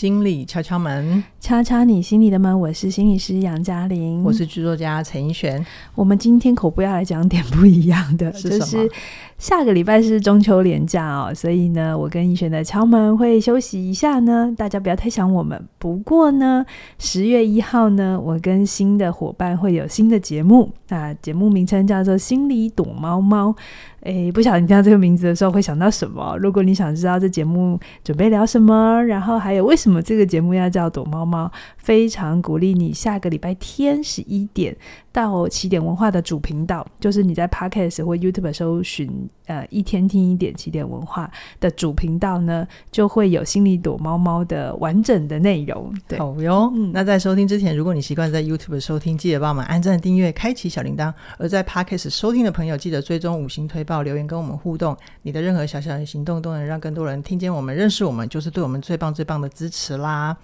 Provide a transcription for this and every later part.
心理敲敲門，敲敲你心裡的門。我是心理師楊嘉玲，我是劇作家陳依璇。我們今天口播要來講點不一樣的，是什麼？下個禮拜是中秋連假哦，所以呢，我跟逸軒的敲門會休息一下呢，大家不要太想我們。不過呢，十月一號呢，我跟新的夥伴會有新的節目，那節目名稱叫做《心理躲貓貓》。誒，不曉得你聽到這個名字的時候會想到什麼？如果你想知道這節目準備聊什麼，然後還有為什麼這個節目要叫躲貓貓，非常鼓勵你下個禮拜天十一點。到起點文化的主頻道，就是你在 Podcast 或 YouTube 搜尋，呃，一天聽一點起點文化的主頻道呢，就會有心理躲貓貓的完整的內容。對，好喲、嗯。那在收聽之前，如果你習慣在 YouTube 收聽，記得幫我們按讚、訂閱、開啟小鈴鐺；而在 Podcast 收聽的朋友，記得追蹤五星推爆、留言跟我們互動。你的任何小小的行動，都能讓更多人聽見我們、認識我們，就是對我們最棒、最棒的支持啦。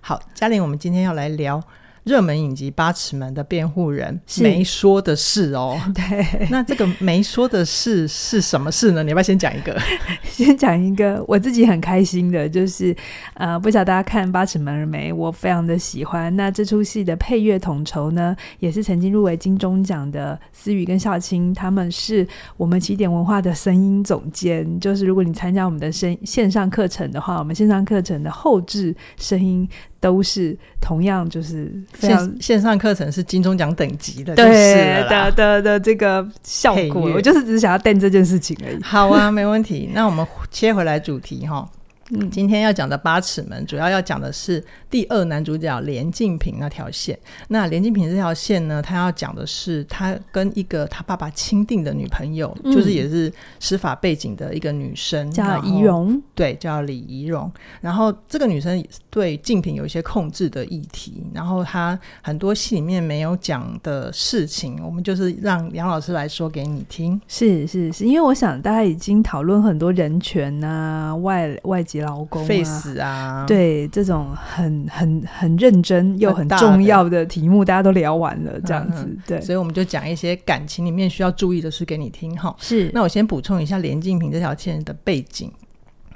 好，嘉玲，我們今天要來聊。熱門影集《八尺門的辯護人》沒說的事哦，對，那這個沒說的事是什麼事呢？你要不要先講一個？ 先講一個，我自己很開心的，就是呃，不曉得大家看《八尺門》沒？我非常的喜歡。那這齣戲的配樂統籌呢，也是曾經入圍金鐘獎的思雨跟孝青，他們是我們起點文化的聲音總監。就是如果你參加我們的聲線上課程的話，我們線上課程的後製聲音，都是同樣，就是線線上課程是金鐘獎等級的是，對，對的的的這個效果，hey, yes. 我就是只想要等這件事情而已。好啊， 沒問題。那我們切回來主題哈。 嗯，今天要講的八尺門，主要要講的是第二男主角連靜平那條線。那連靜平這條線呢，他要講的是他跟一個他爸爸欽定的女朋友，嗯，就是也是司法背景的一個女生，叫儀容，對，叫李儀容。然後這個女生對靜平有一些控制的議題，然後他很多戲裡面沒有講的事情，我們就是讓楊老師來說給你聽。是是是，因為我想大家已經討論很多人權啊，外外界。老公、廢死啊，對，這種很很很認真又很重要的題目，大家都聊完了，這樣子對，嗯，所以我們就講一些感情裡面需要注意的事給你聽哈。是，那我先補充一下連晉平這條線的背景。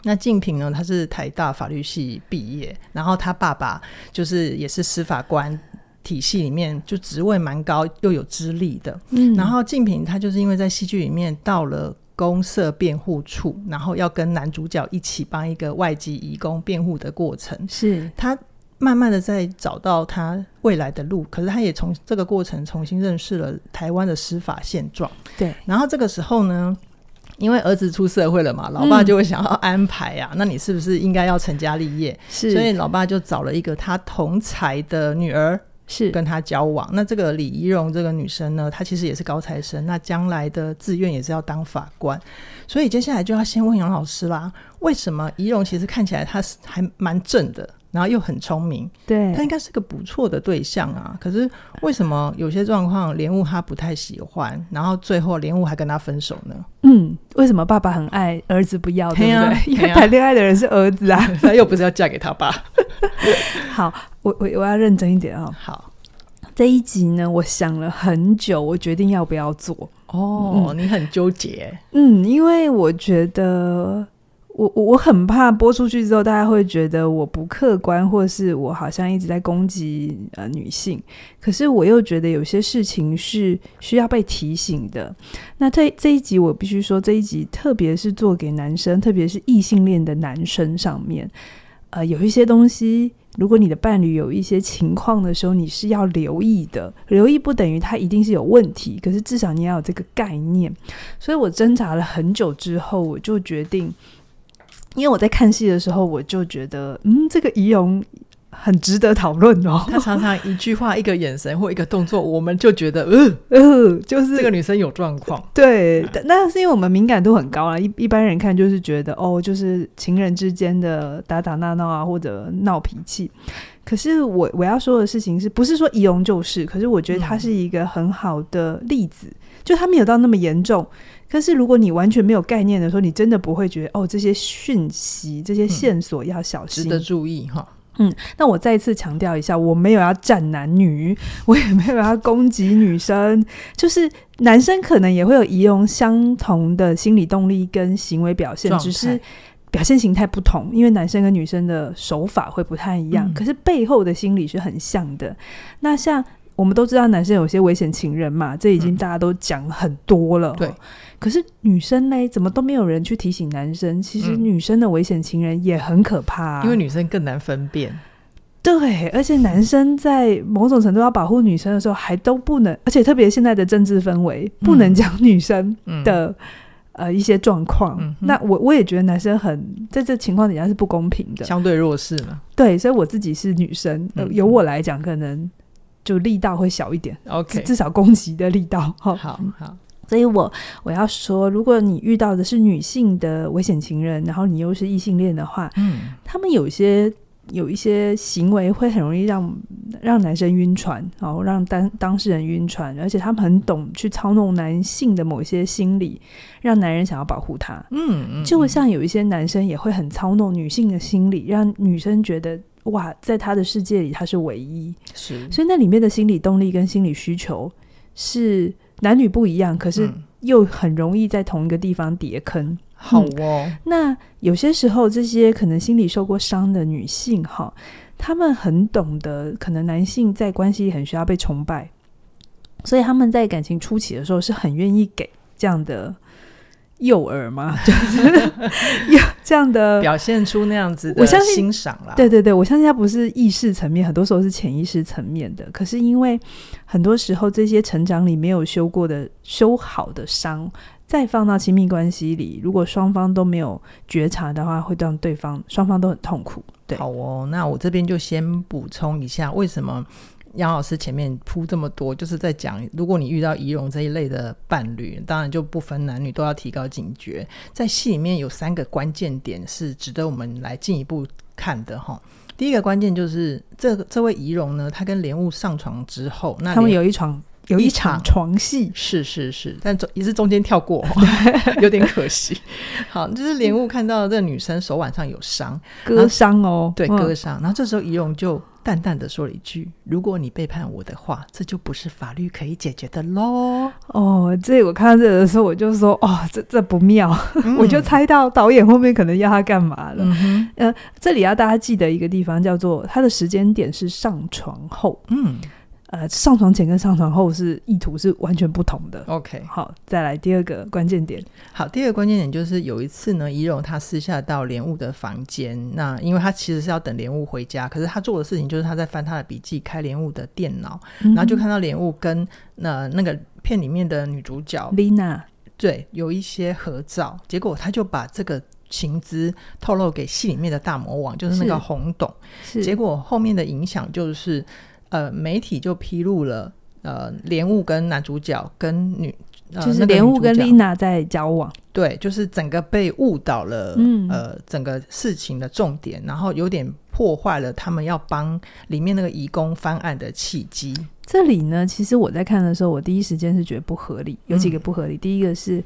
那晉平呢，他是台大法律系畢業，然後他爸爸就是也是司法官體系裡面就職位蠻高又有資歷的。嗯，然後晉平他就是因為在戲劇裡面到了公設辯護人，然後要跟男主角一起幫一個外籍移工辯護的過程，是他慢慢的在找到他未來的路，可是他也從這個過程重新認識了台灣的司法現狀。對，然後這個時候呢，因為兒子出社會了嘛，老爸就會想要安排啊，嗯、那你是不是應該要成家立業？是，所以老爸就找了一個他同才的女兒。是跟他交往，那這個李怡容這個女生呢，她其實也是高材生，那將來的志願也是要當法官，所以接下來就要先問楊老師啦，為什麼怡容其實看起來她是還蠻正的？然後又很聰明，對他應該是個不錯的對象啊。可是為什麼有些狀況，蓮霧他不太喜歡，然後最後蓮霧還跟他分手呢？嗯，為什麼爸爸很愛兒子不要？嗯、對啊、嗯，因為談戀愛的人是兒子啊， 他又不是要嫁給他爸。 好，我我我要認真一點啊、哦。好，這一集呢，我想了很久，我決定要不要做。哦，嗯、你很糾結。嗯，因為我覺得。我我我很怕播出去之後，大家會覺得我不客觀，或是我好像一直在攻擊呃女性。可是我又覺得有些事情是需要被提醒的。那這這一集我必須說，這一集特別是做給男生，特別是異性戀的男生上面，呃，有一些東西，如果你的伴侶有一些情況的時候，你是要留意的。留意不等於他一定是有問題，可是至少你要有這個概念。所以我掙扎了很久之後，我就決定。因為我在看戲的時候，我就覺得，嗯，這個儀容很值得討論哦。他常常一句話、 一個眼神或一個動作，我們就覺得，嗯、呃、嗯、呃，就是這個女生有狀況。對， 那是因為我們敏感度很高啊。一一般人看就是覺得，哦，就是情人之間的打打鬧鬧啊，或者鬧脾氣。可是我我要說的事情是不是說儀容就是？可是我覺得她是一個很好的例子，嗯、就她沒有到那麼嚴重。可是，如果你完全沒有概念的時候，你真的不會覺得哦，這些訊息、這些線索要小心，嗯、值得注意哈。嗯，那我再次強調一下，我沒有要戰男女，我也沒有要攻擊女生， 就是男生可能也會有儀容相同的心理動力跟行為表現，只是表現形態不同，因為男生跟女生的手法會不太一樣、嗯，可是背後的心理是很像的。那像我們都知道，男生有些危險情人嘛，這已經大家都講很多了、哦嗯，對。可是女生呢，怎麼都沒有人去提醒男生？其實女生的危險情人也很可怕啊。因為女生更難分辨。對，而且男生在某種程度要保護女生的時候，還都不能，嗯、而且特別現在的政治氛圍、嗯，不能講女生的、嗯、呃一些狀況、嗯。那我我也覺得男生很在這情況底下是不公平的，相對弱勢嘛。對，所以我自己是女生，呃嗯、由我來講，可能就力道會小一點。Okay. 至，至少攻擊的力道，好好好。所以我我要說，如果你遇到的是女性的危險情人，然後你又是異性戀的話，嗯，他們有些有一些行為會很容易讓讓男生暈船，然、哦、後讓當當事人暈船，而且他們很懂去操弄男性的某些心理，讓男人想要保護他，嗯，嗯嗯，就像有一些男生也會很操弄女性的心理，讓女生覺得哇，在他的世界裡他是唯一，是，所以那裡面的心理動力跟心理需求是。男女不一樣，可是又很容易在同一個地方跌坑。嗯嗯、好哦，那有些時候這些可能心裡受過傷的女性哈，她們很懂得，可能男性在關係很需要被崇拜，所以他們在感情初期的時候是很願意給這樣的。誘餌嗎？就是有 這樣的表現出那樣子的，我相信欣賞啦。對對對，我相信他不是意識層面，很多時候是潛意識層面的。可是因為很多時候這些成長裡沒有修過的、修好的傷，再放到親密關係裡，如果雙方都沒有覺察的話，會讓對方雙方都很痛苦。對，好哦，那我這邊就先補充一下，為什麼？楊老師前面鋪這麼多，就是在講，如果你遇到怡蓉這一類的伴侶，當然就不分男女都要提高警覺。在戲裡面有三個關鍵點是值得我們來進一步看的哈。第一個關鍵就是這這位怡蓉呢，他跟蓮霧上床之後，那他們有一場有，有一場床戲，是是是，但中也是中間跳過、哦， 有點可惜。好，就是蓮霧看到這個女生手腕上有傷，割傷哦，對，割傷、嗯，然後這時候怡蓉就。淡淡的說了一句：“如果你背叛我的話，這就不是法律可以解決的咯。”哦，這我看到這個的時候，我就說：“哦，這這不妙。”嗯 我就猜到導演後面可能要他幹嘛了。嗯。呃，這裡要大家記得一個地方，叫做他的時間點是上床後。嗯。呃，上床前跟上床後是意圖是完全不同的。OK，好，再來第二個關鍵點。好，第二個關鍵點就是有一次呢，伊容他私下到蓮霧的房間，那因為他其實是要等蓮霧回家，可是他做的事情就是他在翻他的筆記，開蓮霧的電腦，然後就看到蓮霧跟那、嗯呃、那個片裡面的女主角 Lina 對有一些合照，結果他就把這個情資透露給戲裡面的大魔王，就是那個洪董，結果後面的影響就是。呃，媒體就披露了，呃，蓮霧跟男主角跟女，呃、就是蓮霧跟麗娜在交往，對，就是整個被誤導了，嗯、呃，整個事情的重點，然後有點破壞了他們要幫裡面那個移工翻案的契機。這裡呢，其實我在看的時候，我第一時間是覺得不合理，有幾個不合理，嗯、第一個是。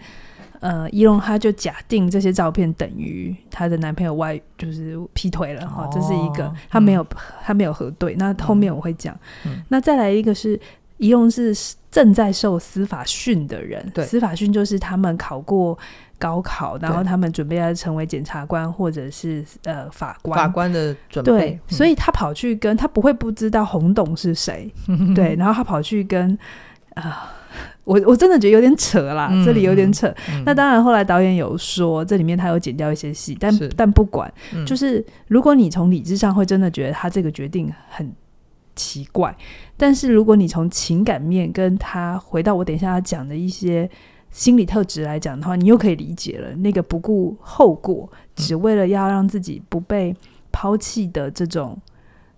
呃，伊隆他就假定這些照片等於他的男朋友外就是劈腿了哈、哦，這是一個他沒有、嗯、他沒有核對。那後面我會講、嗯。那再來一個是，伊隆是正在受司法訓的人，司法訓就是他們考過高考，然後他們準備要成為檢察官或者是呃法官。法官的準備，對嗯、所以他跑去跟他不會不知道洪董是誰， 對，然後他跑去跟啊。呃我我真的覺得有點扯啦，嗯、這裡有點扯、嗯。那當然後來導演有說，這裡面他有剪掉一些戲，但但不管、嗯，就是如果你從理智上會真的覺得他這個決定很奇怪，但是如果你從情感面跟他回到我等一下要講的一些心理特質來講的話，你又可以理解了。嗯、那個不顧後果，只為了要讓自己不被拋棄的這種。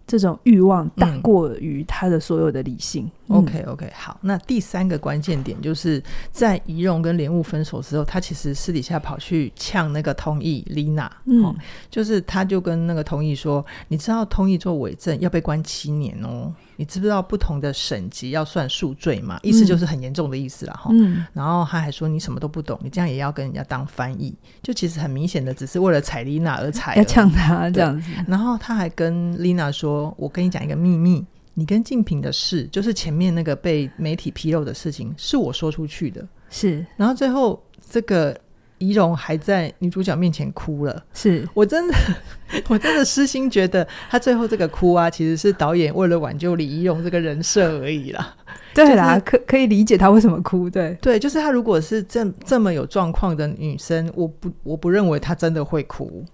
這種慾望大過於他的所有的理性。嗯嗯、OK，OK，、okay, okay, 好。那第三個關鍵點就是在怡蓉跟蓮霧分手之後，他其實私底下跑去嗆那個通義麗娜。Lina, 嗯、哦，就是他就跟那個通義說：“你知道通義做偽證要被關七年哦。”你知不知道不同的省級要算數罪嘛？意思就是很嚴重的意思了哈、嗯。然後他還說，你什麼都不懂，你這樣也要跟人家當翻譯，就其實很明顯的只是為了踩麗娜而踩而，要嗆他這樣子。然後他還跟麗娜說：“我跟你講一個祕密，嗯、你跟靜平的事，就是前面那個被媒體披露的事情，是我說出去的。”是。然後最後這個。儀容還在女主角面前哭了，是我真的，我真的私心覺得她最後這個哭啊，其實是導演為了挽救李儀容這個人設而已啦。對啦，可可以理解她為什麼哭。對對，就是她如果是這這麼有狀況的女生，我不我不認為她真的會哭。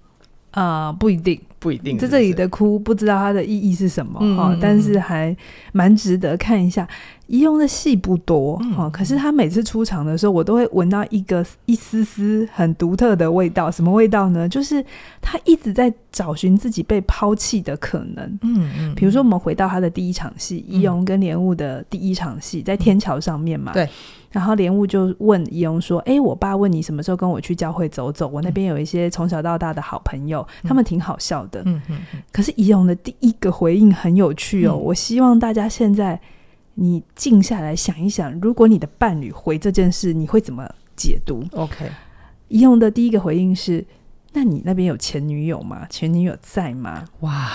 啊、呃，不一定，不一定、這個。在這，這裡的哭，不知道它的意義是什麼哈、嗯嗯嗯，但是還蠻值得看一下。伊用的戲不多哈、嗯啊，可是他每次出場的時候，我都會聞到一個一絲絲很獨特的味道。什麼味道呢？就是他一直在找尋自己被拋棄的可能。嗯嗯。比如說，我們回到他的第一場戲，伊、嗯、用跟蓮霧的第一場戲，在天橋上面嘛。對。然後蓮霧就問伊用說：“哎、欸，我爸問你什麼時候跟我去教會走走？我那邊有一些從小到大的好朋友，嗯、他們挺好笑的。嗯”嗯嗯，可是伊用的第一個回應很有趣哦。嗯、我希望大家現在。你靜下來想一想，如果你的伴侶回這件事，你會怎麼解讀？OK，用的第一個回應是：那你那邊有前女友嗎？前女友在嗎？哇，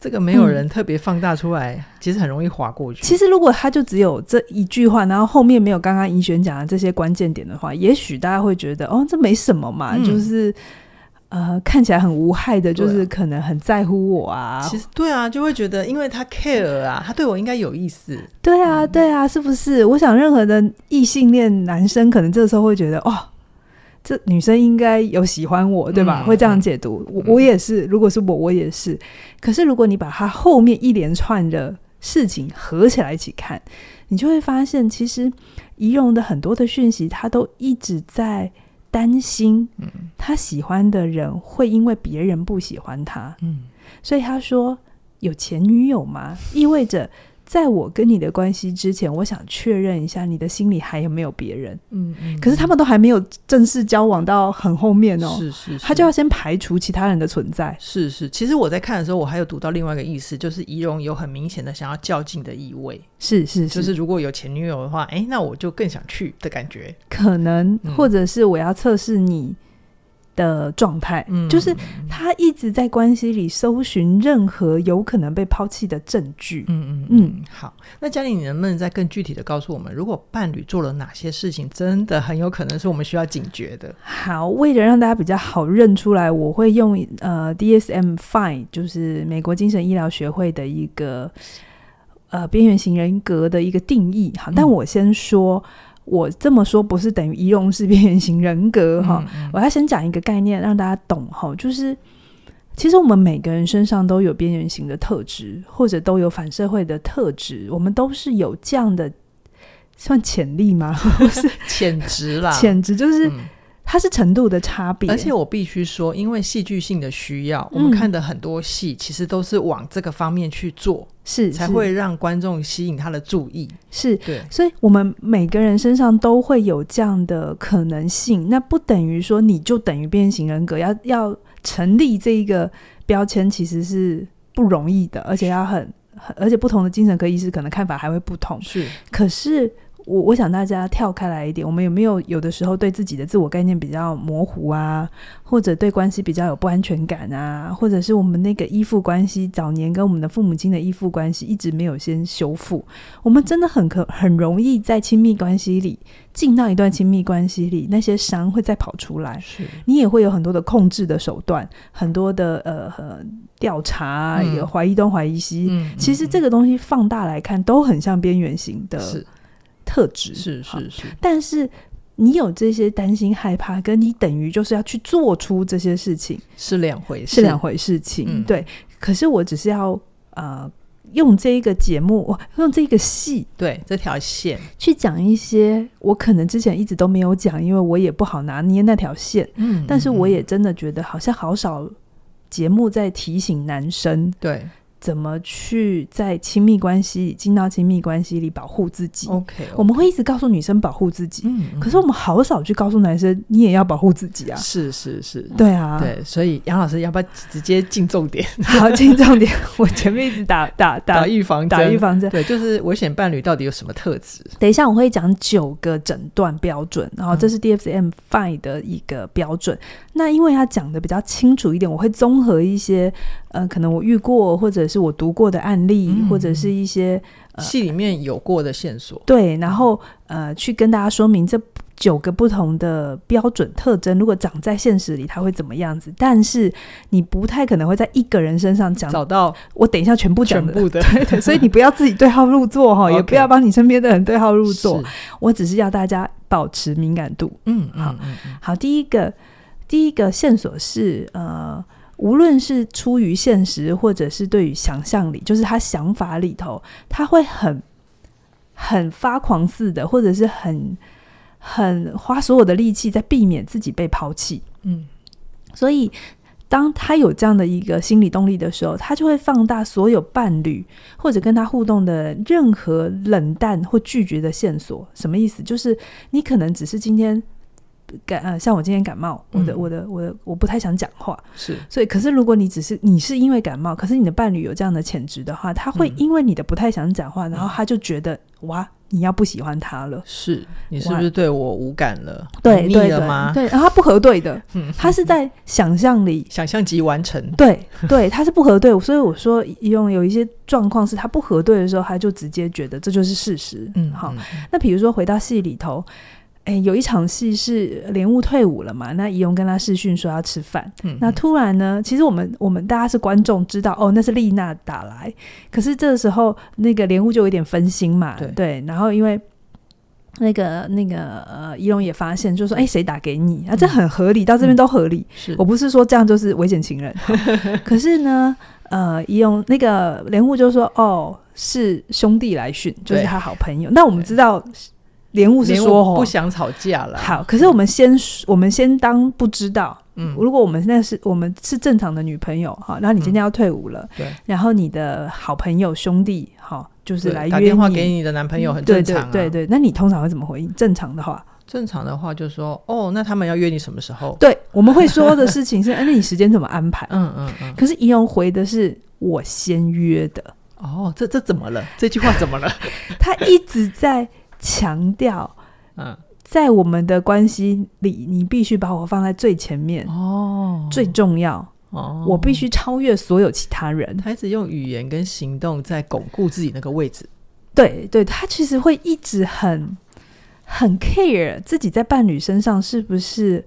這個沒有人特別放大出來、嗯，其實很容易滑過去。其實如果他就只有這一句話，然後後面沒有剛剛怡璇講的這些關鍵點的話，也許大家會覺得哦，這沒什麼嘛，嗯、就是。呃，看起來很無害的、對啊，就是可能很在乎我啊。其實對啊，就會覺得因為他 care 啊，他對我應該有意思。嗯、對啊，對啊，是不是？我想任何的異性戀男生，可能這時候會覺得，哦，這女生應該有喜歡我，對吧？嗯、會這樣解讀。嗯、我我也是，如果是我，我也是。可是如果你把他後面一連串的事情合起來一起看，你就會發現，其實儀容的很多的訊息，他都一直在。擔心他喜歡的人會因為別人不喜歡他，嗯、所以他說有前女友嗎？意味着。在我跟你的關係之前，我想確認一下你的心裡還有沒有別人。嗯，嗯，嗯，可是他們都還沒有正式交往到很後面哦。是，是是，他就要先排除其他人的存在。是是，其實我在看的時候，我還有讀到另外一個意思，就是儀容有很明顯的想要較勁的意味。是是，是就是如果有前女友的話，誒、欸，那我就更想去的感覺。可能，嗯、或者是我要測試你。的狀態，嗯，就是他一直在關係裡搜尋任何有可能被拋棄的證據，嗯嗯嗯。好，那家裡人能不能再更具體的告訴我們，如果伴侶做了哪些事情，真的很有可能是我們需要警覺的？好，為了讓大家比較好認出來，我會用呃 DSM f i n e 就是美國精神醫療學會的一個呃邊緣型人格的一個定義。好，但我先說。嗯我這麼說不是等於依用是邊緣型人格哈、嗯嗯，我要先講一個概念讓大家懂哈，就是其實我們每個人身上都有邊緣型的特質，或者都有反社會的特質，我們都是有這樣的，算潛力嗎？是潛質啦，潛質就是。嗯它是程度的差別，而且我必須說，因為戲劇性的需要、嗯，我們看的很多戲其實都是往這個方面去做，是，是才會讓觀眾吸引他的注意。是，對，所以我們每個人身上都會有這樣的可能性。那不等於說你就等於“邊緣型人格”，要要成立這一個標籤，其實是不容易的，而且要很很，而且不同的精神科醫師可能看法還會不同。是，可是。我我想大家跳開來一點，我們有沒有有的時候對自己的自我概念比較模糊啊，或者對關係比較有不安全感啊，或者是我們那個依附關係早年跟我們的父母親的依附關係一直沒有先修復，我們真的很可很容易在親密關係裡進到一段親密關係裡，那些傷會再跑出來，你也會有很多的控制的手段，很多的呃，呃調查，嗯，有懷疑東懷疑西，嗯，其實這個東西放大來看都很像邊緣型的。是。特質是是是、啊，但是你有這些擔心害怕，跟你等於就是要去做出這些事情是兩回事，是兩回事情。情、嗯、對，可是我只是要呃，用這一個節目，用這個戲，對，這條線去講一些我可能之前一直都沒有講，因為我也不好拿捏那條線。嗯，嗯，嗯，但是我也真的覺得好像好少節目在提醒男生。對。怎麼去在親密關係進到親密關係裡保護自己 okay？OK，我們會一直告訴女生保護自己，嗯，嗯，可是我們好少去告訴男生，你也要保護自己啊！是是是，對啊，對，所以楊老師要不要直接進重點？好， 進重點，我前面一直打打打，打預防打預防針，對，就是危險伴侶到底有什麼特質？ 等一下我會講九個診斷標準，然後這是 DSM-5 的一個標準。嗯、那因為他講得比較清楚一點，我會綜合一些。呃，可能我遇過或者是我讀過的案例，嗯、或者是一些呃、戲裡面有過的線索。對，然後呃，去跟大家說明這九個不同的標準特徵，如果長在現實裡，它會怎麼樣子？但是你不太可能會在一個人身上講找到。我等一下全部的全部的， 對所以你不要自己對號入座哈，Okay. 也不要幫你身邊的人對號入座。我只是要大家保持敏感度。嗯，好，嗯,嗯好。第一個，第一個線索是呃。無論是出於現實，或者是對於想像裡，就是他想法裡頭，他會很很發狂似的，或者是很很花所有的力氣在避免自己被拋棄。嗯，所以當他有這樣的一個心理動力的時候，他就會放大所有伴侶或者跟他互動的任何冷淡或拒絕的線索。什麼意思？就是你可能只是今天，感、呃、像我今天感冒，嗯、我的我的我的我不太想講話，是。所以，可是如果你只是你是因為感冒，可是你的伴侶有這樣的潛質的話，他會因為你的不太想講話、嗯，然後他就覺得哇，你要不喜歡他了，是你是不是對我無感了？對，膩了嗎？對？對，然後他不核對的， 他是在想象裡， 想象即完成。對對，他是不核對的，所以我說用有一些狀況是他不核對的時候，他就直接覺得這就是事實。嗯，好，嗯、那比如說回到戲裡頭。哎，有一場戲是蓮霧退伍了嘛？那儀容跟他視訊說要吃飯、嗯。那突然呢，其實我們我們大家是觀眾知道哦，那是麗娜打來。可是這個時候那個蓮霧就有點分心嘛對，對。然後因為那個那個呃，儀容也發現就說：“哎，誰打給你啊？”這很合理，到這邊都合理。是、嗯、我不是說這樣就是危險情人。是哦、 可是呢，呃，儀容那個蓮霧就說：“哦，是兄弟來訓，就是他好朋友。”那我們知道。連霧是說，不想吵架了。好，可是我們先，我們先當不知道。嗯，如果我們現在是我們是正常的女朋友哈，然後你今天要退伍了、嗯，對，然後你的好朋友兄弟哈，就是來約打電話給你的男朋友，很正常、啊。嗯、對，對對，那你通常會怎麼回應？正常的話，正常的話就是說哦，那他們要約你什麼時候？對，我們會說的事情是， 啊、那你時間怎麼安排？嗯嗯，嗯，可是怡蓉回的是我先約的。哦，這這怎麼了？這句話怎麼了？ 他一直在強調，嗯，在我們的關係裡，你必須把我放在最前面哦，最重要哦，我必須超越所有其他人。他是用語言跟行動在鞏固自己那個位置，對對，他其實會一直很很 care 自己在伴侶身上是不是。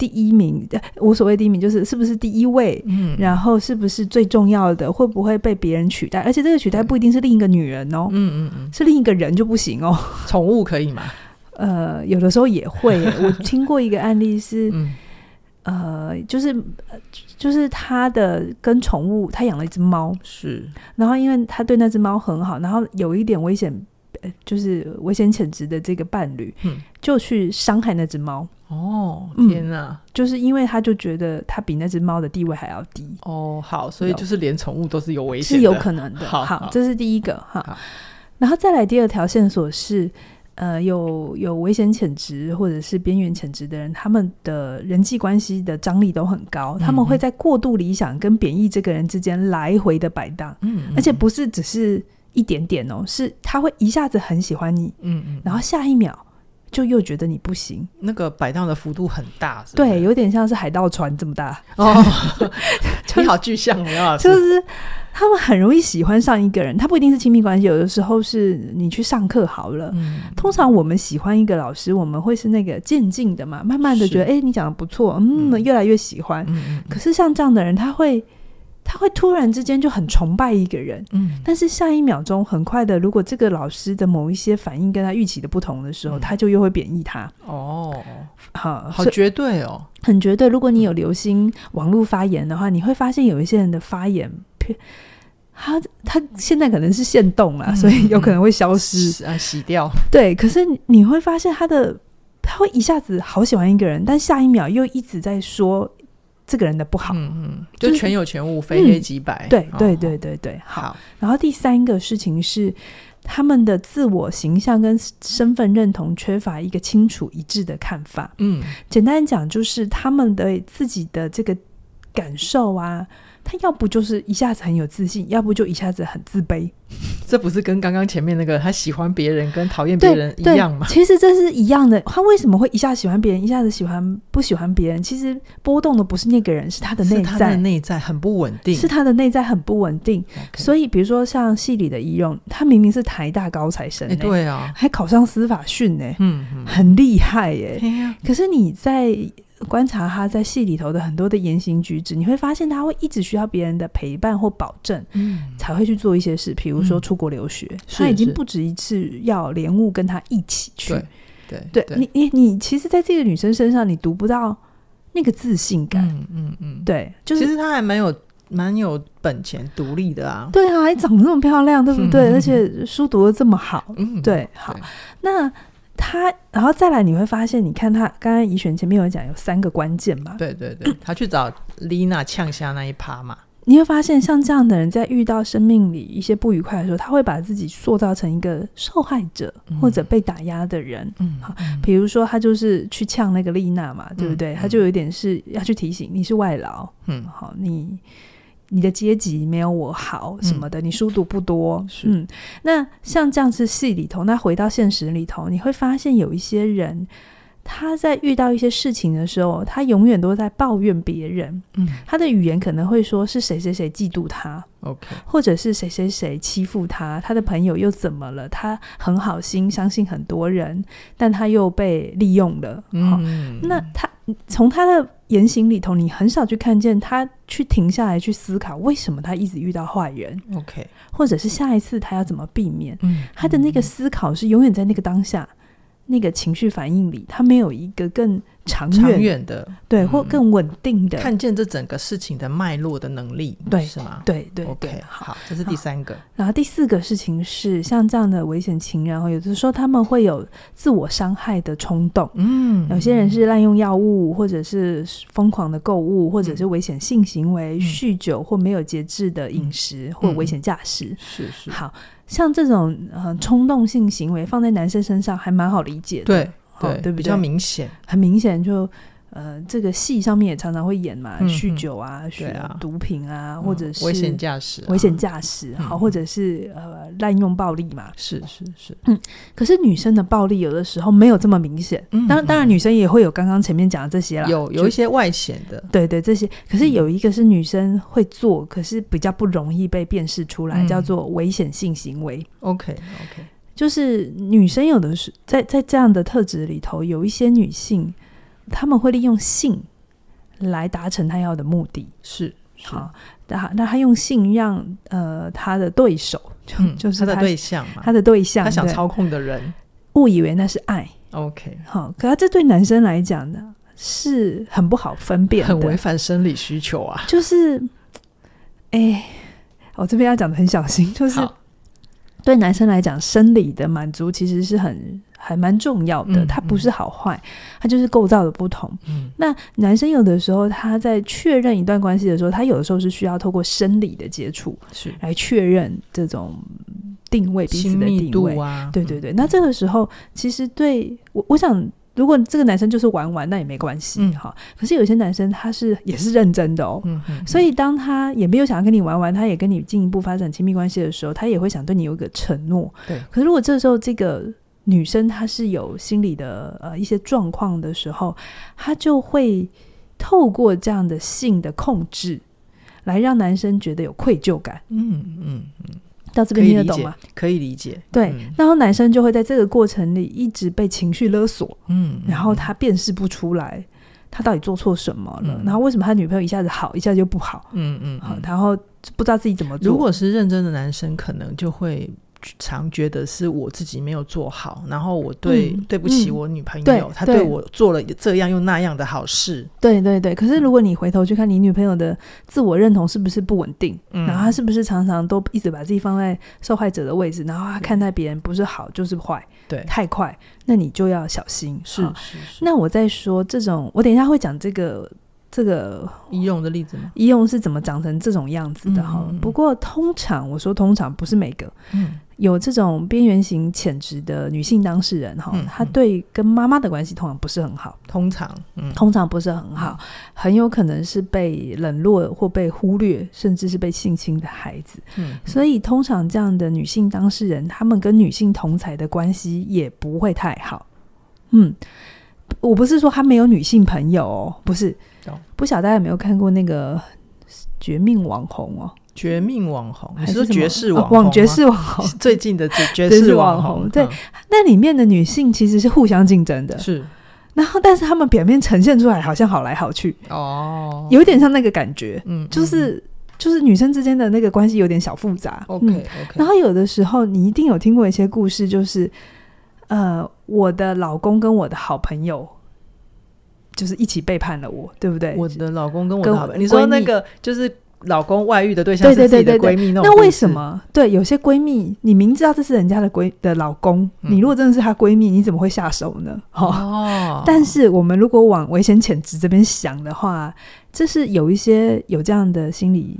第一名，我所謂第一名就是是不是第一位，嗯，然後是不是最重要的？會不會被別人取代？而且這個取代不一定是另一個女人哦，嗯嗯嗯，是另一個人就不行哦。寵物可以嗎？呃，有的時候也會。 我聽過一個案例是，嗯、呃，就是就是他的跟寵物，他養了一隻貓，是，然後因為他對那隻貓很好，然後有一點危險，就是危險潛質的這個伴侶，嗯，就去傷害那隻貓。哦，天啊、嗯，就是因為他就覺得他比那只貓的地位還要低哦。好，所以就是連寵物都是有危險的，是有可能的。好，好好這是第一個哈。然後再來第二條線索是，呃，有有危險潛質或者是邊緣潛質的人，他們的人際關係的張力都很高，嗯嗯，他們會在過度理想跟貶義這個人之間來回的擺盪。嗯，嗯，而且不是只是一點點哦，是他會一下子很喜歡你，嗯，嗯，然後下一秒。就又覺得你不行，那個擺盪的幅度很大是不是？對，有點像是海盜船這麼大哦。 你好具巨象、 就是，就是他們很容易喜歡上一個人，他不一定是親密關係，有的時候是你去上課好了。嗯、通常我們喜歡一個老師，我們會是那個漸進的嘛，慢慢的覺得哎、欸，你講的不錯嗯，嗯，越來越喜歡、嗯。可是像這樣的人，他會。他會突然之間就很崇拜一個人，嗯，但是下一秒鐘很快的，如果這個老師的某一些反應跟他預期的不同的時候，嗯、他就又會貶抑他。哦，好、啊，好絕對哦，很絕對。如果你有留心網絡發言的話、嗯，你會發現有一些人的發言，他他現在可能是限動了、嗯，所以有可能會消失啊，洗掉。對，可是你會發現他的他會一下子好喜歡一個人，但下一秒又一直在說這個人的不好，嗯嗯，就全有全無，就是、非黑即白、嗯，對對對對對好好，然後第三個事情是，他們的自我形象跟身份認同缺乏一個清楚一致的看法。嗯，簡單講就是他們對自己的這個感受啊。他要不就是一下子很有自信，要不就一下子很自卑。這不是跟剛剛前面那個他喜歡別人跟討厭別人一樣嗎？其實這是一樣的。他為什麼會一下喜歡別人，一下子喜歡不喜歡別人？其實波動的不是那個人，是他的內在，他的內在很不穩定，是他的內在很不穩定。Okay. 所以，比如說像戲裡的易容，他明明是台大高材生、欸欸，對啊，還考上司法訓呢、欸嗯，嗯，很厲害耶、欸啊。可是你在。觀察她在戲裡頭的很多的言行舉止，你會發現她會一直需要別人的陪伴或保證，嗯，才會去做一些事，比如說出國留學，她、嗯、已經不止一次要蓮霧跟她一起去，嗯嗯、對對，對，對，你你你，你其實，在這個女生身上，你讀不到那個自信感。嗯嗯，嗯，對，就是其實她還蠻有蠻有本錢獨立的啊，對啊，還長得這麼漂亮，嗯、對不對？而、嗯、且書讀得這麼好，嗯，對，對好，那。他然後再來你會發現，你看他剛剛怡璇前面有講有三個關鍵嘛？對對對， 他去找麗娜嗆下那一趴嘛，你會發現像這樣的人在遇到生命裡一些不愉快的時候，他會把自己塑造成一個受害者或者被打壓的人。嗯，好，嗯、比如說他就是去嗆那個麗娜嘛、嗯，對不對、嗯？他就有一點是要去提醒你是外勞，嗯，好你。你的階級沒有我好什麼的，嗯、你書讀不多，嗯，那像這樣子戲裡頭，那回到現實裡頭，你會發現有一些人。他在遇到一些事情的時候，他永遠都在抱怨別人。嗯。他的語言可能會說是誰誰誰嫉妒他。OK，或者是誰誰誰欺負他。他的朋友又怎麼了？他很好心，相信很多人，但他又被利用了。嗯。哦，那他從他的言行裡頭，你很少去看見他去停下來去思考，為什麼他一直遇到壞人。OK，或者是下一次他要怎麼避免？嗯。他的那個思考是永遠在那個當下。那個情緒反應裡，他沒有一個更長遠的，對，或更穩定的，嗯，看見這整個事情的脈絡的能力，對是嗎？對對 okay, OK，好，好，這是第三個。然後第四個事情是像這樣的危險情人，然後也就是說他們會有自我傷害的衝動，嗯，有些人是濫用藥物，或者是瘋狂的購物，嗯，或者是危險性行為、酗酒，嗯或沒有節制的飲食，嗯、或危險駕駛，是是好。像這種呃衝動性行為，放在男生身上還蠻好理解的，對，對，哦，對不對？對，比較明顯，很明顯就。呃，這個戲上面也常常會演嘛，酗、嗯、酒，啊，酒啊，對啊，毒品啊，或者是危險駕駛、啊，危險駕駛，好，或者是、啊嗯、或者是呃濫用暴力嘛，是是是，是，嗯，可是女生的暴力有的時候沒有這麼明顯，當、嗯、然當然女生也會有剛剛前面講的這些啦，嗯、有有一些外顯的，對對，這些，可是有一個是女生會做，嗯、可是比較不容易被辨識出來，嗯、叫做危險性行為、嗯，OK OK，就是女生有的是在在這樣的特質裡頭，有一些女性。他們會利用性來達成他要的目的，是，好，那、哦、那他用性讓呃他的對手，嗯、就是他，他的對象，他的對象，他想操控的人誤以為那是愛。OK，好、哦，可是這對男生來講呢，是很不好分辨，很違反生理需求啊。就是，哎、欸，我這邊要講的很小心，就是對男生來講，生理的滿足其實是很。還蠻重要的，它、嗯、不是好壞，它、嗯、就是構造的不同、嗯。那男生有的時候他在確認一段關係的時候，他有的時候是需要透過生理的接觸來確認這種定位、彼此的定位。啊、對對對、嗯，那這個時候其實對我，我想，如果這個男生就是玩玩，那也沒關係，哈、嗯哦。可是有些男生他是也是認真的哦、嗯嗯，所以當他也沒有想要跟你玩玩，他也跟你進一步發展親密關係的時候，他也會想對你有一個承諾。對。可是如果這個時候這個。女生她是有心理的呃一些狀況的時候，她就會透過這樣的性的控制，來讓男生覺得有愧疚感。嗯嗯嗯，到這邊聽得懂嗎？可以理解。理解。對，嗯，然後男生就會在這個過程裡一直被情緒勒索嗯。嗯，然後他辨識不出來他到底做錯什麼了。嗯，然後為什麼他女朋友一下子好，一下子就不好？嗯嗯，然後不知道自己怎麼做。如果是認真的男生，可能就會。常覺得是我自己沒有做好，然後我對、嗯、對不起、嗯、我女朋友，她對，對我做了這樣又那樣的好事。對對對。可是如果你回頭去看你女朋友的自我認同是不是不穩定、嗯，然後她是不是常常都一直把自己放在受害者的位置，然後她看待別人不是好就是壞，對，太快，那你就要小心。是、哦、是、是。那我在說這種，我等一下會講這個這個醫用的例子嗎？醫用是怎麼長成這種樣子的哈、嗯嗯嗯嗯。不過通常我說通常不是每個，嗯。有這種邊緣型潛質的女性當事人，哈、嗯嗯，她對跟媽媽的關係通常不是很好，通常、嗯，通常不是很好，很有可能是被冷落或被忽略，甚至是被性侵的孩子、嗯。所以通常這樣的女性當事人，她們跟女性同儕的關係也不會太好。嗯，我不是說她沒有女性朋友、哦，不是，不曉得大家有沒有看過那個絕命網紅哦？絕命網紅還是，你是，是紅、哦、絕世網紅？絕世網紅最近的絕世網紅，對， 那裡面的女性其實是互相競爭的，是。然後，但是她們表面呈現出來好像好來好去哦，有點像那個感覺，嗯，就是、嗯、就是女生之間的那個關係有點小複雜、嗯、，OK OK。然後有的時候你一定有聽過一些故事，就是呃，我的老公跟我的好朋友就是一起背叛了我，對不對？我的老公跟我的好朋友，你說那個就是。老公外遇的對象是自己的閨蜜那，對對對對對，那為什麼？對，有些閨蜜，你明知道這是人家的閨的老公，嗯，你如果真的是她閨蜜，你怎麼會下手呢？哈、哦，但是我們如果往危險潛質這邊想的話，這是有一些有這樣的心理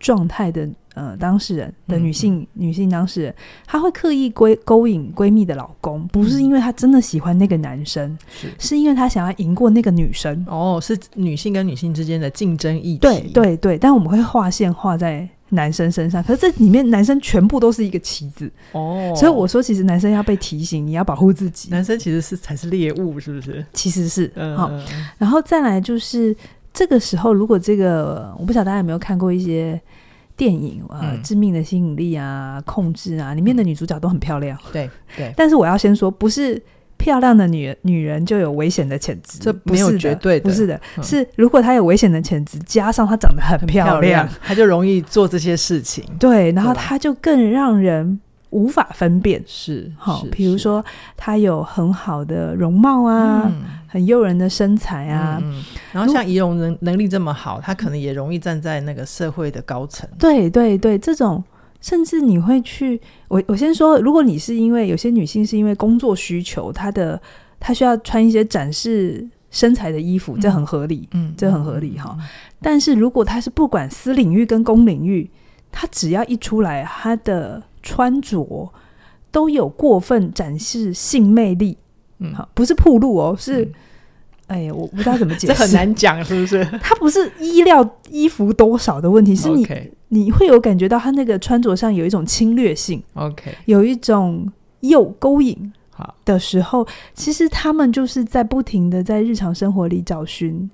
狀態的。呃，當事人的女性、嗯、女性當事人，她會刻意勾引閨蜜的老公，不是因為她真的喜歡那個男生，嗯、是因為她想要贏過那個女生。哦，是女性跟女性之間的競爭意。對對對，但我們會畫線畫在男生身上，可是這裡面男生全部都是一個棋子哦。所以我說，其實男生要被提醒，你要保護自己。男生其實是才是獵物，是不是？其實是，好、嗯哦。然後再來就是這個時候，如果這個，我不曉得大家有沒有看過一些。電影啊、呃，致命的吸引力啊，控制啊，裡面的女主角都很漂亮。對，對。但是我要先說，不是漂亮的女女人就有危險的潛質，這不是沒有絕對的，不是的。嗯、是如果她有危險的潛質，加上她長得很漂亮，她就容易做這些事情。對，然後她就更讓人。無法分辨是好，哦、比如說他有很好的容貌啊，嗯、很誘人的身材啊，嗯、然後像儀容能能力這麼好，他可能也容易站在那個社會的高層。對對對，這種甚至你會去我我先說，如果你是因為有些女性是因為工作需求，她的她需要穿一些展示身材的衣服，這很合理，嗯，這很合理哈、嗯嗯。但是如果她是不管私領域跟公領域，她只要一出來，她的，穿着都有過分展示性魅力，嗯，好，不是暴露哦，是，嗯、哎呀，我不知道怎麼解釋， 這很難講，是不是？他不是衣料、衣服多少的問題， 是你、okay，你會有感覺到他那個穿着上有一種侵略性，OK，有一種又勾引，的時候，其實他們就是在不停的在日常生活裡找尋。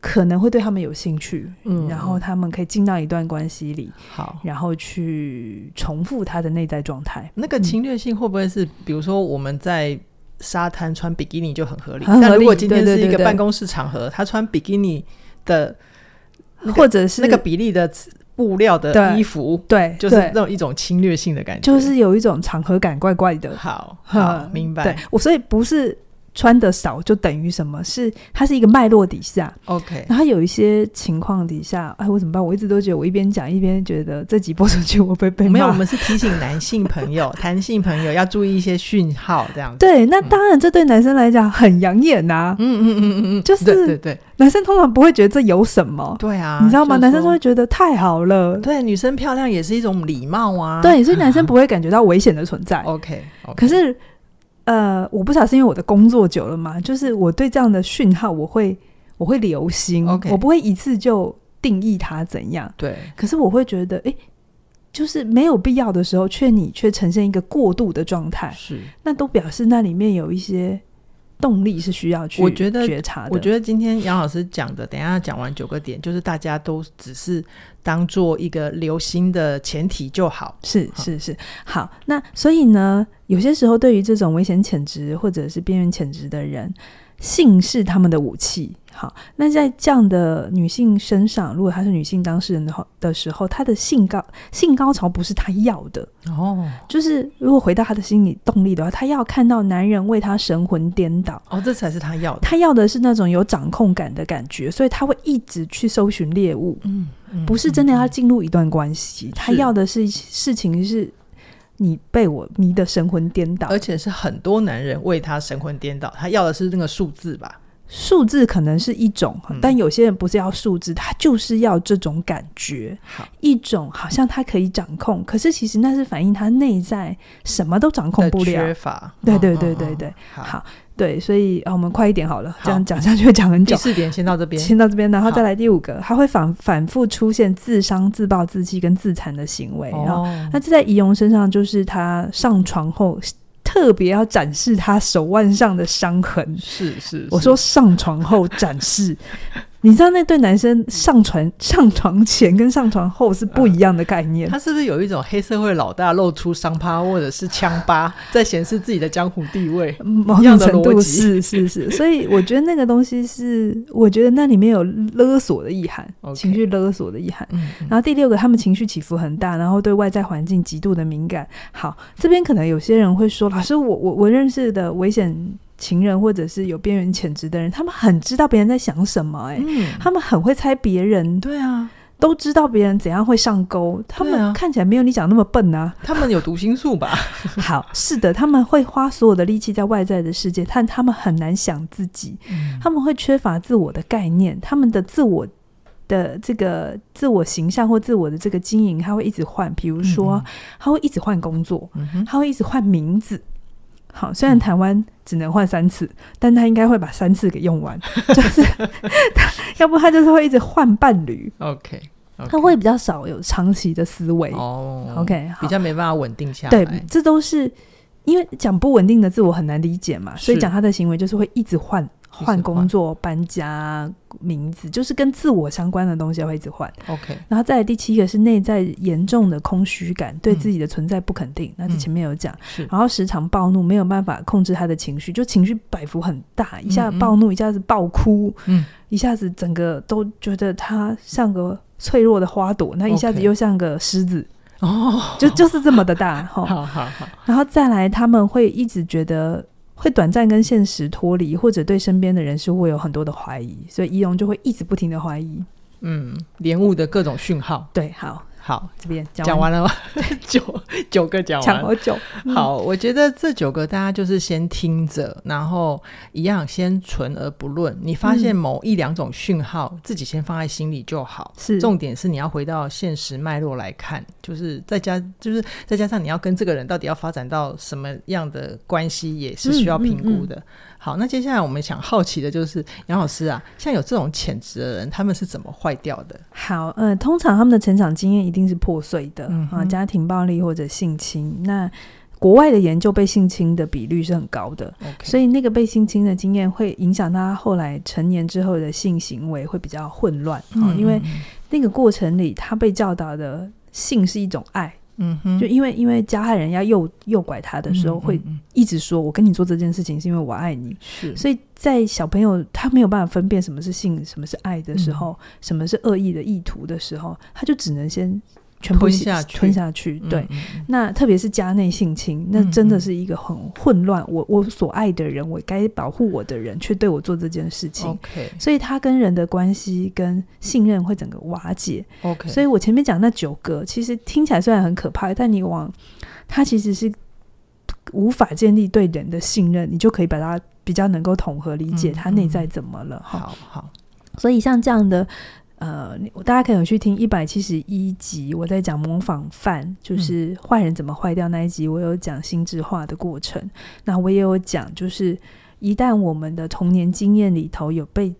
可能會對他們有興趣，嗯，然後他們可以進到一段關係裡，嗯、好，然後去重複他的內在狀態。那個侵略性會不會是，嗯、比如說我們在沙灘穿比基尼就很合理，很合理，但如果今天是一個辦公室場合，對對對對，他穿比基尼的，或者是那個比例的布料的衣服，對，對，就是那種一種侵略性的感覺，對對，就是有一種場合感，怪怪的。好，好，明白，對。我所以不是。穿的少就等於什麼？是它是一個脈絡底下，OK。然後有一些情況底下，哎，我怎麼辦？我一直都覺得，我一邊講一邊覺得這集播出去我會被，我被被。沒有，我們是提醒男性朋友、男 性朋友要注意一些訊號，這樣子。對，那當然，這對男生來講很養眼啊。嗯嗯嗯嗯嗯，就是對對對，男生通常不會覺得這有什麼。 對啊，你知道嗎？就男生都會覺得太好了。對，女生漂亮也是一種禮貌啊。對，所以男生不會感覺到危險的存在。啊、okay, OK，可是。呃，我不曉得是因為我的工作久了嘛，就是我對這樣的訊號我會，我會我會留心，okay. 我不會一次就定義它怎樣。對，可是我會覺得，哎、欸，就是沒有必要的時候，勸你卻呈現一個過度的狀態，是，那都表示那裡面有一些。動力是需要去，我覺得覺察。我覺得今天楊老師講的，等一下要講完九個點，就是大家都只是當做一個留心的前提就好。是是是、嗯，好。那所以呢，有些時候對於這種危險潛質或者是邊緣潛質的人。性是他們的武器，好，那在這樣的女性身上，如果她是女性當事人的話的時候，她的性高性高潮不是她要的哦，就是如果回到她的心理動力的話，她要看到男人為她神魂顛倒哦，這才是她要的。她要的是那種有掌控感的感覺，所以她會一直去搜尋獵物，嗯，嗯，不是真的要進入一段關係，她要的是事情是。你被我迷得神魂顛倒，而且是很多男人為他神魂顛倒。他要的是那個數字吧？數字可能是一種、嗯，但有些人不是要數字，他就是要這種感覺，一種好像他可以掌控，嗯、可是其實那是反映他內在什麼都掌控不了，缺乏。對對對對對，嗯嗯，好。好對，所以、哦、我們快一點好了，這樣講下去會講很久。第四點，先到這邊，先到這邊，然後再來第五個，他會反反復出現自傷、自暴自棄跟自殘的行為。哦、然後、那這在怡蓉身上，就是他上床後、嗯、特別要展示他手腕上的傷痕。是是、是，我說上床後展示。 你知道那對男生上床、上床前跟上床後是不一樣的概念？嗯。他是不是有一種黑社會老大露出傷疤或者是槍疤，在顯示自己的江湖地位？某種程度是是是，是。所以我覺得那個東西是，我覺得那裡面有勒索的意涵， 情緒勒索的意涵。然後第六個，他們情緒起伏很大，然後對外在環境極度的敏感。好，這邊可能有些人會說：“老師，我我我認識的危險。”情人或者是有邊緣潛質的人，他們很知道別人在想什麼、欸，哎、嗯，他們很會猜別人，對啊，都知道別人怎樣會上鈎、啊。他們看起來沒有你講那麼笨啊，他們有讀心術吧？ 好，是的，他們會花所有的力氣在外在的世界，但他們很難想自己、嗯，他們會缺乏自我的概念，他們的自我的這個自我形象或自我的這個經營，他會一直換，比如說他會一直換工作，他會一直換、嗯、名字。好，雖然台灣只能換三次、嗯，但他應該會把三次給用完， 就是，他要不他就是會一直換伴侶。Okay, OK，他會比較少有長期的思維。哦、oh,，OK，比較沒辦法穩定下來。對，這都是因為講不穩定的字，我很難理解嘛，所以講他的行為就是會一直換。換工作、搬家、名字，就是跟自我相關的東西會一直換。OK，然後再來第七個是內在嚴重的空虛感、嗯，對自己的存在不肯定。嗯、那是前面有講、嗯，然後時常暴怒，沒有辦法控制他的情緒，就情緒擺幅很大，一下子暴怒，一下子暴哭，嗯，嗯，一下子整個都覺得他像個脆弱的花朵，那、嗯、一下子又像個獅子，哦、Okay. Oh.，就就是這麼的大，哈， 好好好，然後再來他們會一直覺得。會短暫跟現實脫離，或者對身邊的人事物有很多的懷疑，所以儀容就會一直不停的懷疑，嗯，連霧的各種訊號，對，好。好，這邊講完，完， 完了嗎？九九個講完了講好久、嗯、好，我覺得這九個大家就是先聽着，然後一樣先存而不論。你發現某一兩種訊號，嗯，自己先放在心裡就好。是，重點是你要回到現實脈絡來看，就是再加，就是再加上你要跟這個人到底要發展到什麼樣的關係，也是需要評估的。嗯嗯嗯好，那接下來我們想好奇的就是楊老師啊，像有這種潛質的人，他們是怎麼壞掉的？好，呃，通常他們的成長經驗一定是破碎的、嗯、啊，家庭暴力或者性侵。那國外的研究被性侵的比率是很高的，okay. 所以那個被性侵的經驗會影響他後來成年之後的性行為會比較混亂啊、嗯嗯，因為那個過程裡他被教導的性是一種愛。嗯， 就因為因為加害人要誘誘拐他的時候，會一直說：“我跟你做這件事情是因為我愛你。”是，所以在小朋友他沒有辦法分辨什麼是性，什麼是愛的時候，嗯、什麼是惡意的意圖的時候，他就只能先。全部吞下去，吞下去。嗯、對、嗯，那特別是家內性侵、嗯，那真的是一個很混亂、嗯。我我所愛的人，我該保護我的人，卻對我做這件事情。OK、嗯、所以他跟人的關係、嗯、跟信任會整個瓦解。嗯、所以我前面講那九個，其實聽起來雖然很可怕，但你往他其實是無法建立對人的信任，你就可以把他比較能夠統合理解他內在怎麼了。嗯、好好，所以像這樣的。呃，大家可以有去聽一百七十一集，我在講模仿犯，就是壞人怎麼壞掉那一集，我有講心智化的過程。嗯、那我也有講，就是一旦我們的童年經驗裡頭有被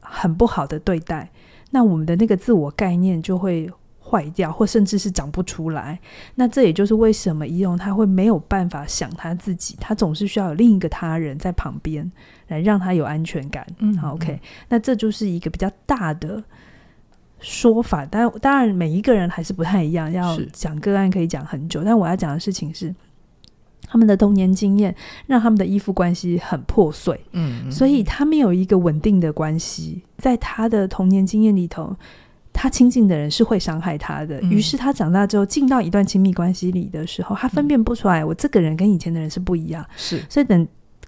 很不好的對待，那我們的那個自我概念就會壞掉，或甚至是長不出來。那這也就是為什麼怡蓉他會沒有辦法想他自己，他總是需要有另一個他人在旁邊來讓他有安全感。嗯嗯嗯 OK，那這就是一個比較大的。說法，但當然每一個人還是不太一樣，要講個案可以講很久。但我要講的事情是，他們的童年經驗讓他們的依附關係很破碎，嗯，所以他沒有一個穩定的關係，嗯。在他的童年經驗裡頭，他親近的人是會傷害他的，嗯。於是他長大之後進到一段親密關係裡的時候，他分辨不出來，嗯。我這個人跟以前的人是不一樣，是，所以等。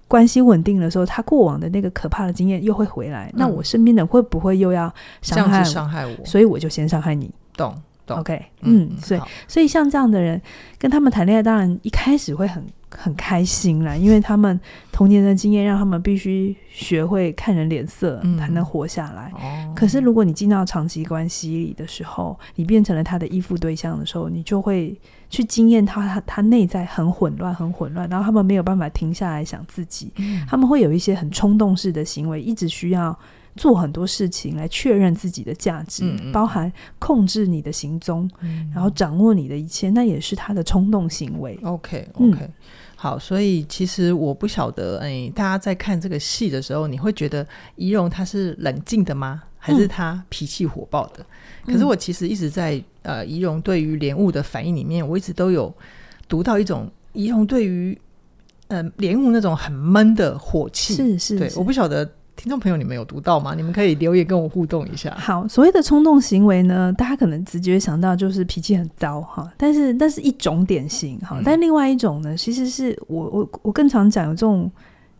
關係穩定的時候，他過往的那個可怕的經驗又會回來。嗯、那我身邊的會不會又要傷害傷害我？所以我就先傷害你，懂懂？OK，嗯，嗯對。所以像這樣的人，跟他們談戀愛，當然一開始會很。很開心啦，因為他們童年的經驗讓他們必須學會看人臉色才能活下來。嗯、可是，如果你進到長期關係裡的時候，你變成了他的依附對象的時候，你就會去經驗他他內在很混亂，很混亂。然後他們沒有辦法停下來想自己，嗯、他們會有一些很衝動式的行為，一直需要做很多事情來確認自己的價值，嗯嗯，包含控制你的行蹤、嗯嗯，然後掌握你的一切。那也是他的衝動行為。OK，OK、okay, okay. 嗯。好，所以其實我不曉得，哎、欸，大家在看這個戲的時候，你會覺得儀容他是冷靜的嗎？還是他脾氣火爆的、嗯？可是我其實一直在，呃，儀容對於蓮霧的反應裡面，我一直都有讀到一種儀容對於，呃，蓮霧那種很悶的火氣。是，是是，對，我不曉得。聽眾朋友，你們有讀到嗎？你們可以留言跟我互動一下。好，所謂的衝動行為呢，大家可能直接想到就是脾氣很糟哈，但是，但是一種典型哈、嗯。但另外一種呢，其實是我我我更常講有這種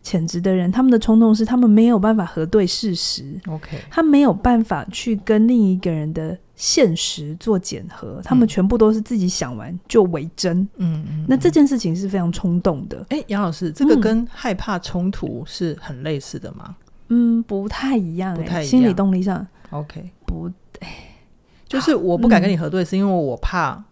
潛質的人，他們的衝動是他們沒有辦法核對事實，OK，他沒有辦法去跟另一個人的現實做檢核，他們全部都是自己想完就為真，嗯,嗯,嗯,嗯，那這件事情是非常衝動的。哎，楊老師，這個跟害怕衝突是很類似的嗎？嗯嗯，不、欸，不太一樣，心理動力上，OK，不，就是我不敢跟你核對，是因為我怕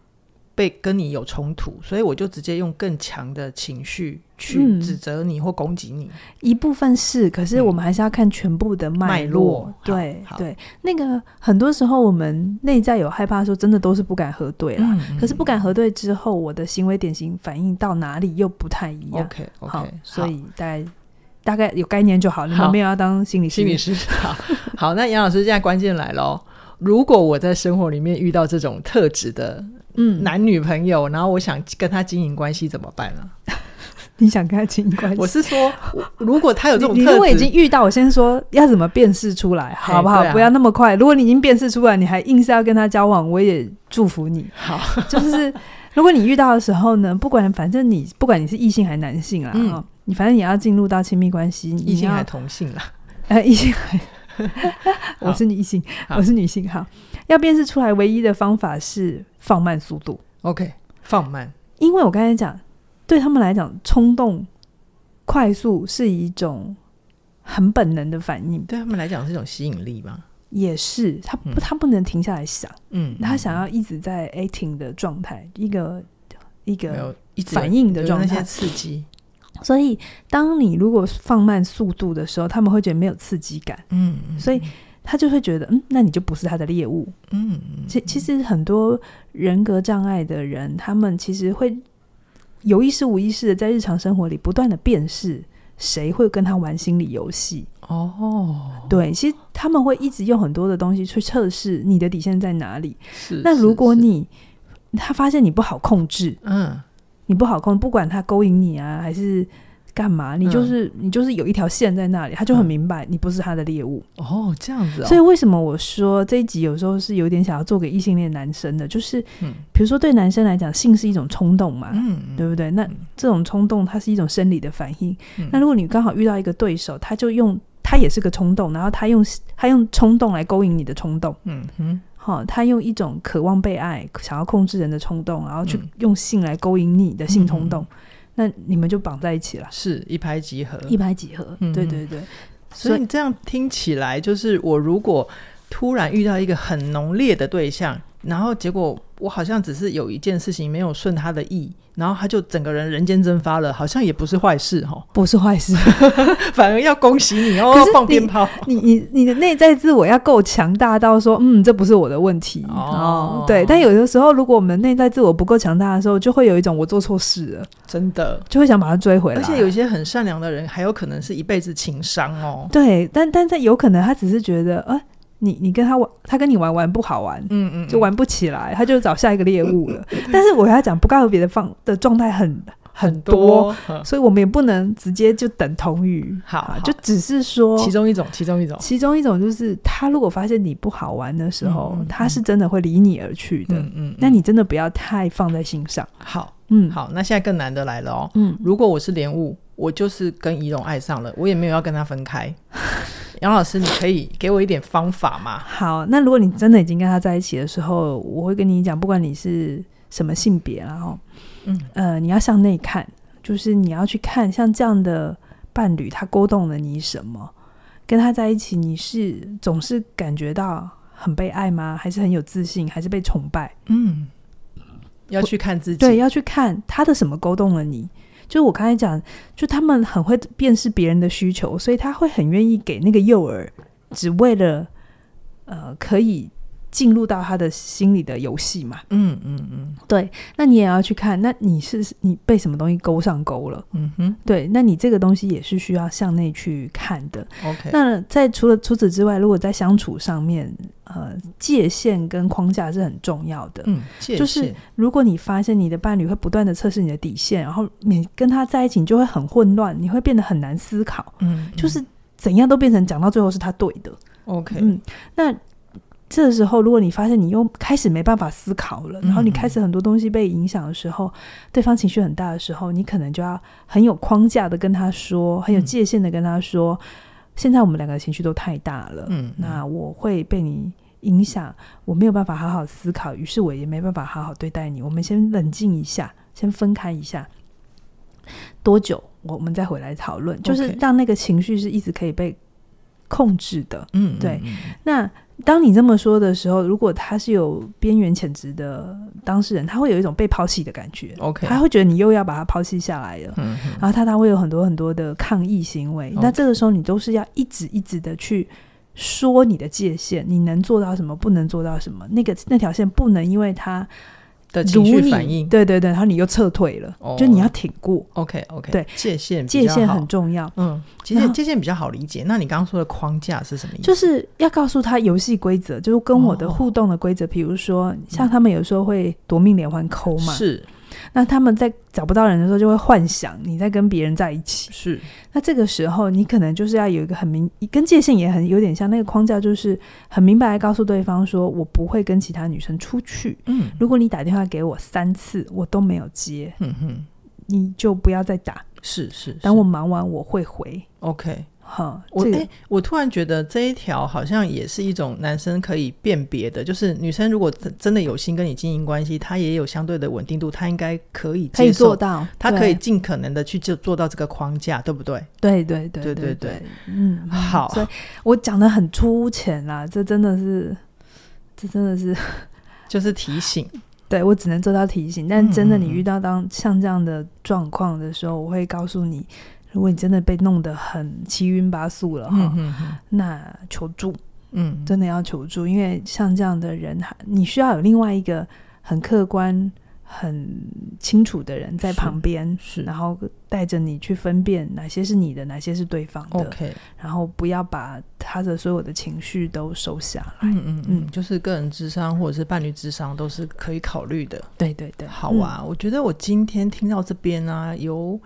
被跟你有衝突、嗯，所以我就直接用更強的情緒去指責你或攻擊你。一部分是，可是我們還是要看全部的脈絡。嗯、對對，那個很多時候我們內在有害怕的時候，真的都是不敢核對了、嗯。可是不敢核對之後、嗯，我的行為典型反應到哪裡又不太一樣。OK OK，所以大家。大概有概念就好了，你沒有要當心理師。心理師好， 好，那楊老師現在關鍵來了、哦，如果我在生活裡面遇到這種特質的嗯男女朋友、嗯，然後我想跟他經營關係怎麼辦呢、啊？你想跟他經營關係？我是說， 如果他有這種特質，我已經遇到，我先說要怎麼辨識出來，好不好、欸啊？不要那麼快。如果你已經辨識出來，你還硬是要跟他交往，我也祝福你。好，好就是 如果你遇到的時候呢，不管反正你不管你是異性還是男性啊，嗯。你反正也要進入到親密關係，異性還同性啦？啊、呃，異性， 好 我是女性，我是女性。好，要辨識出來，唯一的方法是放慢速度。OK，放慢，因為我剛才講，對他們來講，衝動、快速是一種很本能的反應。對他們來講是一種吸引力嗎？也是，他不，嗯、他不能停下來想，嗯，他想要一直在 acting 的狀態，一個一個有反應的狀態，些刺激。 所以，當你如果放慢速度的時候，他們會覺得沒有刺激感。嗯，嗯，所以他就會覺得，嗯，那你就不是他的獵物。嗯，其其實，很多人格障礙的人，嗯，他們其實會有意識、無意識的在日常生活裡不斷的辨識誰會跟他玩心理遊戲。哦，對，其實他們會一直用很多的東西去測試你的底線在哪裡。是。那如果你他發現你不好控制，嗯。你不好控，不管他勾引你啊，還是幹嘛，你就是、嗯、你就是有一條線在那裡，他就很明白你不是他的獵物、嗯、哦，這樣子、哦。啊，所以為什麼我說這一集有時候是有點想要做給異性戀男生的，就是、嗯，比如說對男生來講，性是一種衝動嘛、嗯，對不對？那這種衝動它是一種生理的反應，嗯、那如果你剛好遇到一個對手，他就用他也是個衝動，然後他用他用衝動來勾引你的衝動，嗯哼。哈、哦，他用一種渴望被愛、想要控制人的衝動，然後去用性來勾引你的性衝動、嗯，那你們就綁在一起了，是一拍即合，一拍即合、嗯。對對對，所以你這樣聽起來，就是我如果突然遇到一個很濃烈的對象，然後結果。我好像只是有一件事情沒有順他的意，然後他就整個人人間蒸發了，好像也不是壞事哈、哦，不是壞事， 反而要恭喜你哦，要放鞭炮，你你你的內在自我要夠強大到說，嗯，這不是我的問題哦，哦，對。但有的時候，如果我們內在自我不夠強大的時候，就會有一種我做錯事了，真的就會想把他追回來。而且有一些很善良的人，還有可能是一輩子情商哦，對，但但在有可能他只是覺得，呃、啊。你你跟他玩，他跟你玩玩不好玩，嗯，嗯嗯，就玩不起來，他就找下一個獵物了。 但是我要講不告而別的放的狀態很很多，很多，所以我們也不能直接就等同於好，好、啊，就只是說其中一種，其中一種，其中一種就是他如果發現你不好玩的時候，嗯嗯嗯，他是真的會離你而去的，嗯，嗯，嗯，那你真的不要太放在心上，好。嗯，好，那現在更難的來了哦。嗯，如果我是蓮霧，我就是跟儀容愛上了，我也沒有要跟他分開。楊 老師，你可以給我一點方法嗎？好，那如果你真的已經跟他在一起的時候，嗯、我會跟你講，不管你是什麼性別，啦齁、哦，嗯呃，你要向內看，就是你要去看像這樣的伴侶，他勾動了你什麼？跟他在一起，你是總是感覺到很被愛嗎？還是很有自信？還是被崇拜？嗯。要去看自己，對，要去看他的什麼勾動了你？就我剛才講，就他們很會辨識別人的需求，所以他會很願意給那個誘餌，只為了，呃，可以。進入到他的心理的遊戲嘛？嗯嗯嗯，對。那你也要去看，那你是你被什麼東西勾上鈎了？嗯哼，對。那你這個東西也是需要向內去看的。OK。那在除了除此之外，如果在相處上面，呃，界限跟框架是很重要的。嗯，就是如果你發現你的伴侶會不斷的測試你的底線，然後你跟他在一起你就會很混亂，你會變得很難思考。嗯，嗯，就是怎樣都變成講到最後是他對的。OK。嗯，那。這時候，如果你發現你又開始沒辦法思考了，然後你開始很多東西被影響的時候，嗯嗯，對方情緒很大的時候，你可能就要很有框架的跟他說，很有界限的跟他說，嗯、現在我們兩個情緒都太大了，嗯，嗯，那我會被你影響，我沒有辦法好好思考，於是我也沒辦法好好對待你。我們先冷靜一下，先分開一下，多久，我們再回來討論，嗯、就是讓那個情緒是一直可以被控制的。嗯，嗯，嗯，對，那。當你這麼說的時候，如果他是有邊緣潛質的當事人，他會有一種被拋棄的感覺。OK，他會覺得你又要把他拋棄下來了。嗯。然後他他會有很多很多的抗議行為。Okay. 那這個時候，你都是要一直一直的去說你的界限，你能做到什麼，不能做到什麼。那個那條線不能因為他。的情緒反應，對對對，然後你又撤退了，oh. 就你要挺過。OK OK，對，界限比較，界限很重要。嗯，界限界限比較好理解。那你剛剛說的框架是什麼意思？就是要告訴他遊戲規則，就是跟我的互動的規則。比、oh. 如說，像他們有時候會奪命連環 call 嘛，是。那他們在找不到人的時候，就會幻想你在跟別人在一起。是，那這個時候你可能就是要有一個很明，跟界限也很有點像那個框架，就是很明白告訴對方說我不會跟其他女生出去。嗯，如果你打電話給我三次，我都沒有接，嗯哼，你就不要再打。是是是，等我忙完我會回。OK。好，這個、我哎、欸，我突然覺得這一條好像也是一種男生可以辨別的，就是女生如果真的有心跟你經營關係，她也有相對的穩定度，她應該可以可以做到，她可以盡可能的去就做到這個框架，對不對？對對對對對對，對，對，嗯，好，嗯、所以我講的很粗淺啦，這真的是，這真的是，就是提醒， 對我只能做到提醒，但真的你遇到當像這樣的狀況的時候，嗯嗯我會告訴你。如果你真的被弄得很七葷八素了哈、嗯哼哼，那求助，嗯，真的要求助，因為像這樣的人，你需要有另外一個很客觀、很清楚的人在旁邊，是，是然後帶着你去分辨哪些是你的，哪些是對方的。OK，然後不要把他的所有的情緒都收下來。嗯嗯，嗯，嗯就是個人諮商或者是伴侶諮商都是可以考慮的。對對對，好啊，嗯、我覺得我今天聽到這邊啊，有。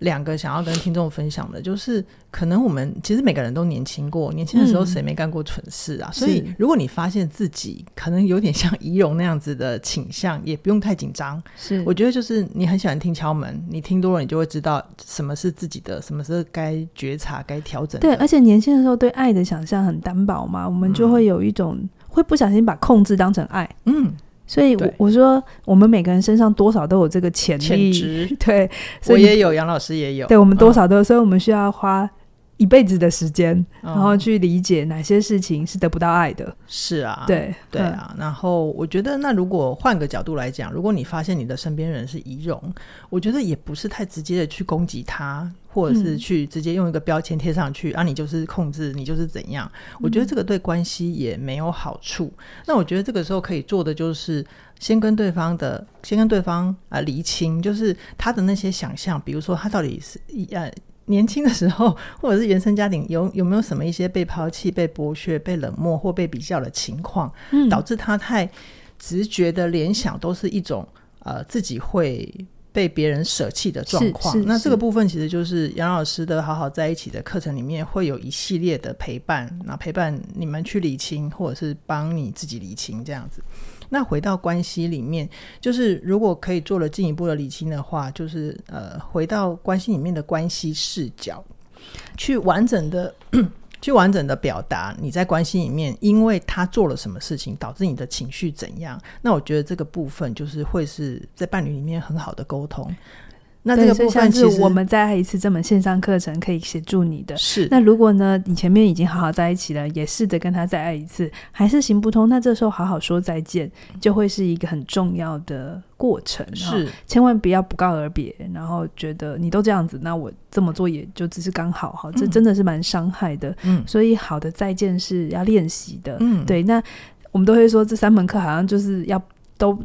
兩個想要跟聽眾分享的，就是可能我們其實每個人都年輕過，年輕的時候誰沒幹過蠢事啊、嗯？所以如果你發現自己可能有點像儀容那樣子的傾向，也不用太緊張。是，我覺得就是你很喜歡聽敲門，你聽多了，你就會知道什麼是自己的，什麼時候該覺察、該調整。對，而且年輕的時候對愛的想象很單薄嘛，我們就會有一種、嗯、會不小心把控制當成愛。嗯。所以我，我我說，我們每個人身上多少都有這個潛質，對，我也有，楊老師也有，對，我們多少都有，有、嗯。所以我們需要花一輩子的時間、嗯，然後去理解哪些事情，是得不到愛的。嗯、是啊，對、嗯，對啊。然後，我覺得，那如果換個角度來講，如果你發現你的身邊人是易容，我覺得也不是太直接的去攻擊他。或者是去直接用一個標籤貼上去，嗯、啊你就是控制，你就是怎樣？我覺得這個對關係也沒有好處、嗯。那我覺得這個時候可以做的就是，先跟對方的，先跟對方啊釐清，就是他的那些想象，比如說他到底是呃年輕的時候，或者是原生家庭有有沒有什麼一些被拋棄、被剝削、被冷漠或被比較的情況、嗯，導致他太直覺的聯想都是一種呃自己會。被別人捨棄的狀況，那這個部分其實就是楊老師的《好好在一起》的課程裡面會有一系列的陪伴，那陪伴你們去理清，或者是幫你自己理清這樣子。那回到關係裡面，就是如果可以做了進一步的理清的話，就是呃，回到關係裡面的關係視角，去完整的。 去完整的表達你在關係裡面，因為他做了什麼事情，導致你的情緒怎樣。那我覺得這個部分就是會是在伴侶裡面很好的溝通。那這個部分是我們再愛一次這門線上課程可以協助你的。是。那如果呢，你前面已經好好在一起了，也試着跟他再愛一次，還是行不通，那這時候好好說再見，就會是一個很重要的過程。是。千萬不要不告而別，然後覺得你都這樣子，那我這麼做也就只是剛好。好，這真的是蠻傷害的。嗯。所以好的再見是要練習的。嗯。對，那我們都會說這三門課好像就是要都。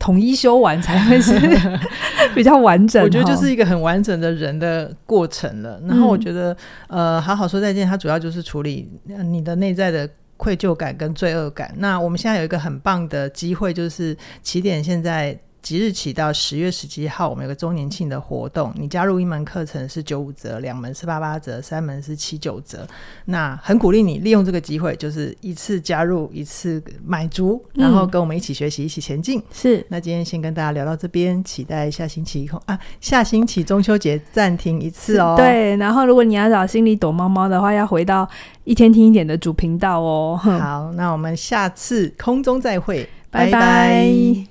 統一修完才會是 比較完整，我覺得就是一個很完整的人的過程了。嗯、然後我覺得，呃，好好說再見，它主要就是處理你的內在的愧疚感跟罪惡感。那我們現在有一個很棒的機會，就是啟點現在。即日起到十月十七號，我們有個週年慶的活動。你加入一門課程是九五折，兩門是八八折，三門是七九折。那很鼓勵你利用這個機會，就是一次加入，一次買足，然後跟我們一起學習，一起前進。是、嗯。那今天先跟大家聊到這邊，期待下星期一空啊，下星期中秋節暫停一次哦。對。然後，如果你要找心理敲敲門的話，要回到一天聽一點的主頻道哦。好，那我們下次空中再會，拜拜。拜拜